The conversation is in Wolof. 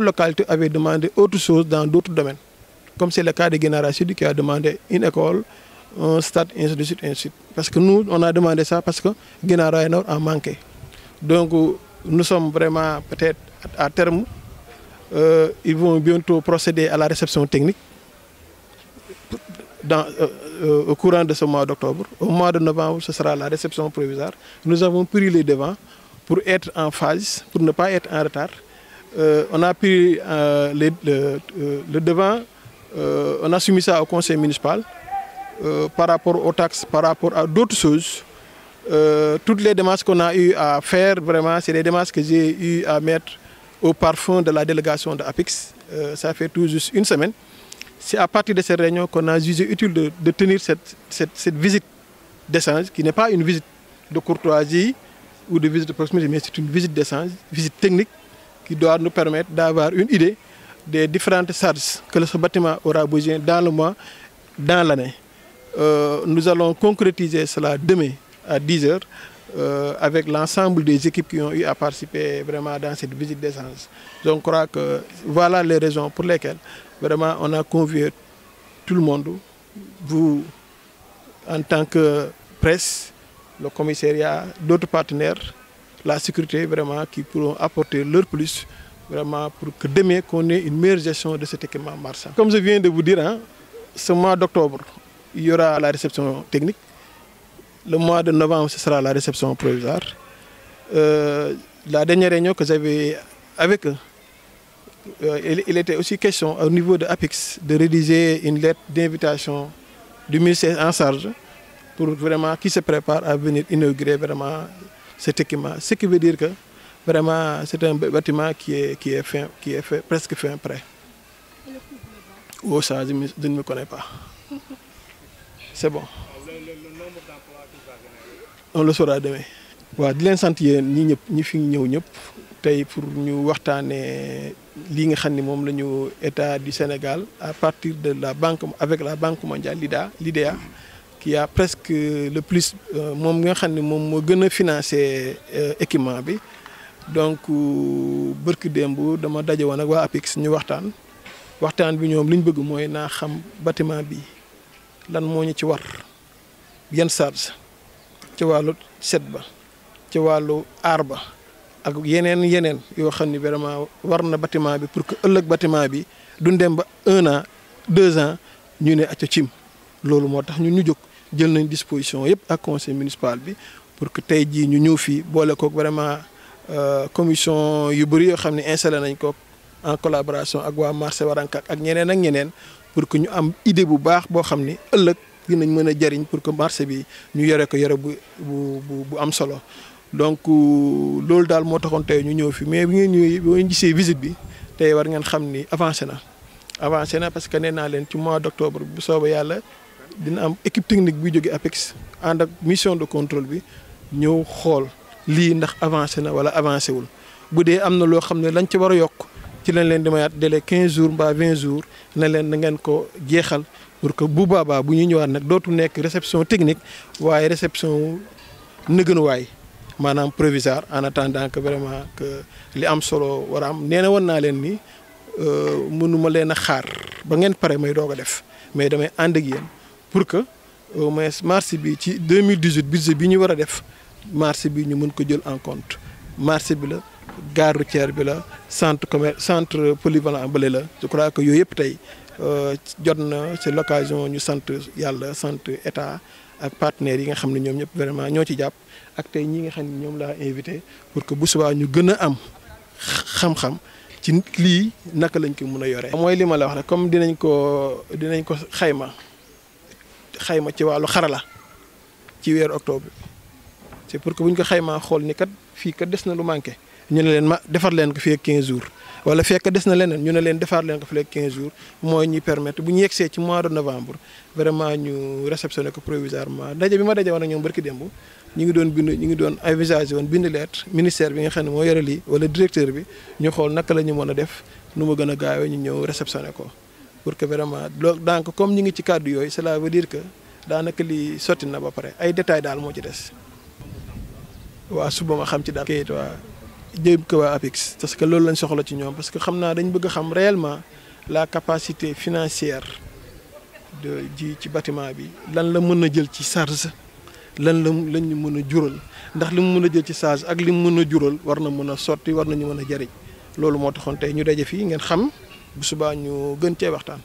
localité avait demandé autre chose dans d'autres domaines, comme c'est le cas de Guénara Sud qui a demandé une école, un stade, ainsi de suite, ainsi Parce que nous, on a demandé ça parce que Guénara Nord a manqué. Donc, euh, nous sommes vraiment peut-être à terme. Euh, ils vont bientôt procéder à la réception technique dans, euh, au courant de ce mois d'octobre. Au mois de novembre, ce sera la réception provisoire. Nous avons pris les devants pour être en phase, pour ne pas être en retard. Euh, on a pris euh, euh, le, devant, on a soumis ça au conseil municipal par rapport aux taxes, par rapport à d'autres choses. toutes les démarches qu'on a eu à faire, vraiment, c'est les démarches que j'ai eu à mettre au parfum de la délégation d'Apix, ça fait tout juste une semaine. C'est à partir de ces réunions qu'on a jugé utile de, tenir cette, cette visite d'essence, qui n'est pas une visite de courtoisie ou de visite de proximité, mais c'est une visite d'essence, visite technique qui doit nous permettre d'avoir une idée des différentes charges que ce bâtiment aura besoin dans le mois, dans l'année. Euh, nous allons concrétiser cela demain à 10h euh, avec l'ensemble des équipes qui ont eu à participer vraiment dans cette visite d'essence. Je crois que voilà les raisons pour lesquelles vraiment on a convié tout le monde, vous en tant que presse, le commissariat, d'autres partenaires la sécurité vraiment qui pourront apporter leur plus vraiment pour que demain qu'on ait une meilleure gestion de cet équipement marchand. Comme je viens de vous dire, hein, ce mois d'octobre, il y aura la réception technique. Le mois de novembre, ce sera la réception provisoire. Euh, la dernière réunion que j'avais avec eux, euh, il, était aussi question au niveau de APIX de rédiger une lettre d'invitation du ministère en charge pour vraiment qui se prépare à venir inaugurer vraiment cet équipement. Ce qui veut dire que vraiment c'est un bâtiment qui est, qui est, fin, qui est fait, presque fin prêt. Oh ça, je, je ne me connais pas. C'est bon. on le saura demain. Voilà. di leen sant yéen ñi ñëpp fi ñëw pour ñu waxtaanee lii nga xam ne moom état du Sénégal à partir de la banque avec la banque mondiale l'IDA l'IDEA qui a presque le plus euh, moom nga xam ni moom moo gën a financé euh, équipement bi donc euh, bërki démb dama daje woon ak waa APIX ñu waxtaan waxtaan bi ñoom li ñu bëgg mooy naa xam bâtiment bi lan moo ñu ci war yan charge ci wàllu set ba ci wàllu aar ba ak yeneen yeneen yoo xam ni vraiment war na batiment bi pour que ëllëg batiment bi du dem ba un an deux ans ñu ne acca cim loolu motax tax ñun ñu jóg jël nañ disposition yépp ak conseil municipal bi pour que tay ji ñu ñëw fii boole ko vraiment euh, commission yu bëri yoo xam ne installé nañ ko en collaboration ak waa marché Waranka ak ñeneen ak ñeneen pour que ñu am idée bu baax boo xam ni ëllëg dinañ mën a jariñ pour que marché bi ñu yore ko yore bu bu bu am solo donc euh, loolu daal moo taxoon tey ñu ñëw fi mais bi ngeen ñëwee boo gisee visite bi tey war ngeen xam ni avancé na avancé na parce que nee naa leen ci mois d' octobre bu soobee yàlla dina am équipe technique buy jóge APEX ànd ak mission de contrôle bi ñëw xool lii ndax avancé na wala avancé wul bu dee am na loo xam ne lañ ci war a yokk ci lañ leen di mayaat délai 15 jours mbaa 20 jours na leen na ngeen ko jeexal pour que bu boobaa bu ñu ñëwaat nag dootu nekk réception technique waaye réception nëgënuwaay maanaam provisoire en attendant que vraiment que li am solo war a am nee na woon naa leen ni euh, mënuma leen a xaar ba ngeen pare may doog a def mais damay ànd ak yéen. pour que au moins marché bi ci 2018 budget bi ñu war a def marché bi ñu mën ko jël en compte marché bi la gare routière bi la centre commerce centre polyvalent bële la je crois que yooyu yëpp tey euh, jot na ci l'occasion ñu sant yàlla sant état ak partenaires yi nga xam ne ñoom ñëpp vraiment ñoo ci jàpp ak tey ñi nga xam ne ñoom laa invité pour que bu subaa ñu gën a am xam-xam ci lii naka lañ ko mën a yoree. mooy li la wax rek comme dinañ ko dinañ ko xayma. xayma ci wàllu xarala ci weeru octobre c'est pour que bu ñu ko xayma xool ni kat fii kat des na lu manqué ñu ne leen ma defar leen ko fii quinze 15 jours wala fekk des na leneen ñu ne leen defar leen ko fii ak 15 jours mooy ñuy permettre bu ñu yegsee ci mois de novembre vraiment ñu réceptionné ko provisoirement daje bi ma daje woon ak ñoom barki démb ñu ngi doon bind ñu ngi doon envisagé woon bind ministère bi nga xam ne moo yore lii wala directeur bi ñu xool naka la ñu mën a def nu ma gën a gaawee ñu ñëw réceptionné ko. pour que vraiment loolu donc comme ñu ngi ci kàddu yooyu cela veut dire que daanaka li sotti na ba pare ay détails daal moo ci des waa suba ma xam ci daal kayit waa jëm ko waa APIX parce que loolu lañ soxla ci ñoom parce que xam naa dañ bëgg xam réellement la capacité financière de ji ci batiment bi lan la mën a jël ci charge lan la lañ ñu mën a jural ndax li mu mën a jël ci charge ak li mu mën a jural war na mën a sotti war nañu mën a jariñ loolu moo taxoon tey ñu daje fii ngeen xam bu subaa ñu gën cee waxtaan.